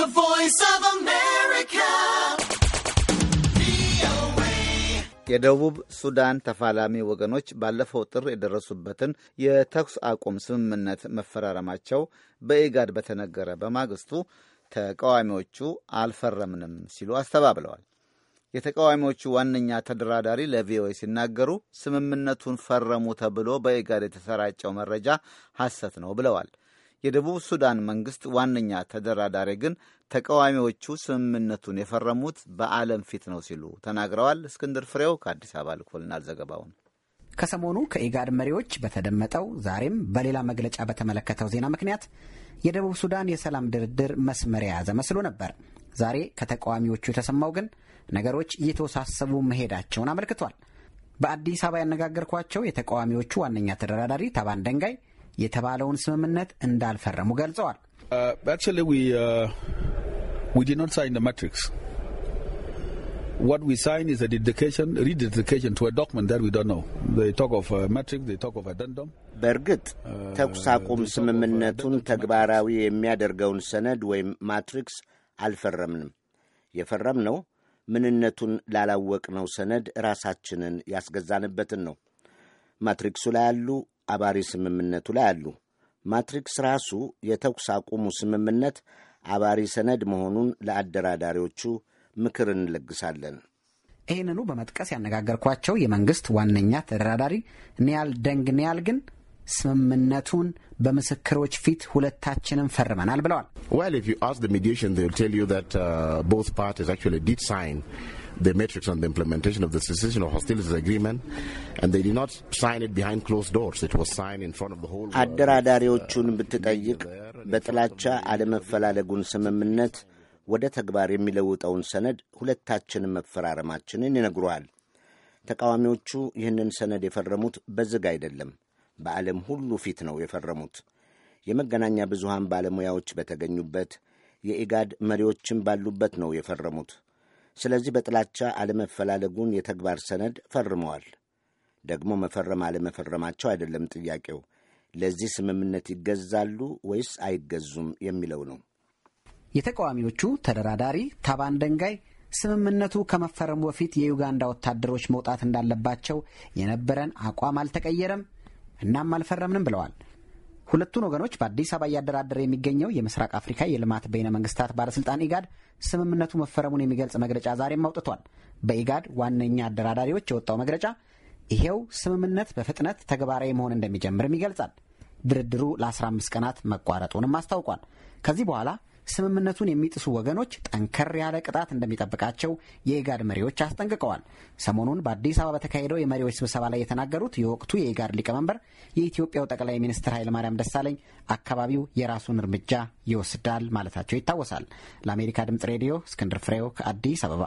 The Voice of America. የደቡብ ሱዳን ተፋላሚ ወገኖች ባለፈው ጥር የደረሱበትን የተኩስ አቁም ስምምነት መፈራረማቸው በኢጋድ በተነገረ በማግስቱ ተቃዋሚዎቹ አልፈረምንም ሲሉ አስተባብለዋል። የተቃዋሚዎቹ ዋነኛ ተደራዳሪ ለቪኦኤ ሲናገሩ ስምምነቱን ፈረሙ ተብሎ በኢጋድ የተሰራጨው መረጃ ሐሰት ነው ብለዋል። የደቡብ ሱዳን መንግስት ዋነኛ ተደራዳሪ ግን ተቃዋሚዎቹ ስምምነቱን የፈረሙት በዓለም ፊት ነው ሲሉ ተናግረዋል። እስክንድር ፍሬው ከአዲስ አበባ ልኮልናል ዘገባውን። ከሰሞኑ ከኢጋድ መሪዎች በተደመጠው ዛሬም በሌላ መግለጫ በተመለከተው ዜና ምክንያት የደቡብ ሱዳን የሰላም ድርድር መስመር የያዘ መስሎ ነበር። ዛሬ ከተቃዋሚዎቹ የተሰማው ግን ነገሮች እየተወሳሰቡ መሄዳቸውን አመልክቷል። በአዲስ አበባ ያነጋገርኳቸው የተቃዋሚዎቹ ዋነኛ ተደራዳሪ ታባን ደንጋይ የተባለውን ስምምነት እንዳልፈረሙ ገልጸዋል። uh, uh, በእርግጥ uh, ተኩስ አቁም ስምምነቱን ተግባራዊ የሚያደርገውን ሰነድ ወይም ማትሪክስ አልፈረምንም። የፈረምነው ምንነቱን ላላወቅነው ሰነድ ራሳችንን ያስገዛንበትን ነው። ማትሪክሱ ላይ ያሉ አባሪ ስምምነቱ ላይ አሉ። ማትሪክስ ራሱ የተኩስ አቁሙ ስምምነት አባሪ ሰነድ መሆኑን ለአደራዳሪዎቹ ምክር እንለግሳለን። ይህንኑ በመጥቀስ ያነጋገርኳቸው የመንግስት ዋነኛ ተደራዳሪ ኒያል ደንግ ኒያል ግን ስምምነቱን በምስክሮች ፊት ሁለታችንም ፈርመናል ብለዋል። the metrics on the implementation of the cessation of hostilities agreement, and they did not sign it behind closed doors. It was signed in front of the whole አደራዳሪዎቹን uh, ብትጠይቅ በጥላቻ አለመፈላለጉን ስምምነት ወደ ተግባር የሚለውጠውን ሰነድ ሁለታችን መፈራረማችንን ይነግሯል። ተቃዋሚዎቹ ይህንን ሰነድ የፈረሙት በዝግ አይደለም፣ በዓለም ሁሉ ፊት ነው የፈረሙት። የመገናኛ ብዙሃን ባለሙያዎች በተገኙበት የኢጋድ መሪዎችም ባሉበት ነው የፈረሙት። ስለዚህ በጥላቻ አለመፈላለጉን የተግባር ሰነድ ፈርመዋል። ደግሞ መፈረም አለመፈረማቸው አይደለም ጥያቄው፣ ለዚህ ስምምነት ይገዛሉ ወይስ አይገዙም የሚለው ነው። የተቃዋሚዎቹ ተደራዳሪ ታባን ደንጋይ ስምምነቱ ከመፈረሙ በፊት የዩጋንዳ ወታደሮች መውጣት እንዳለባቸው የነበረን አቋም አልተቀየረም፣ እናም አልፈረምንም ብለዋል። ሁለቱን ወገኖች በአዲስ አበባ እያደራደረ የሚገኘው የምስራቅ አፍሪካ የልማት በይነ መንግስታት ባለስልጣን ኢጋድ ስምምነቱ መፈረሙን የሚገልጽ መግለጫ ዛሬም አውጥቷል። በኢጋድ ዋነኛ አደራዳሪዎች የወጣው መግለጫ ይሄው ስምምነት በፍጥነት ተግባራዊ መሆን እንደሚጀምርም ይገልጻል። ድርድሩ ለ15 ቀናት መቋረጡንም አስታውቋል። ከዚህ በኋላ ስምምነቱን የሚጥሱ ወገኖች ጠንከር ያለ ቅጣት እንደሚጠብቃቸው የኢጋድ መሪዎች አስጠንቅቀዋል። ሰሞኑን በአዲስ አበባ በተካሄደው የመሪዎች ስብሰባ ላይ የተናገሩት የወቅቱ የኢጋድ ሊቀመንበር የኢትዮጵያው ጠቅላይ ሚኒስትር ኃይለማርያም ደሳለኝ አካባቢው የራሱን እርምጃ ይወስዳል ማለታቸው ይታወሳል። ለአሜሪካ ድምጽ ሬዲዮ እስክንድር ፍሬው ከአዲስ አበባ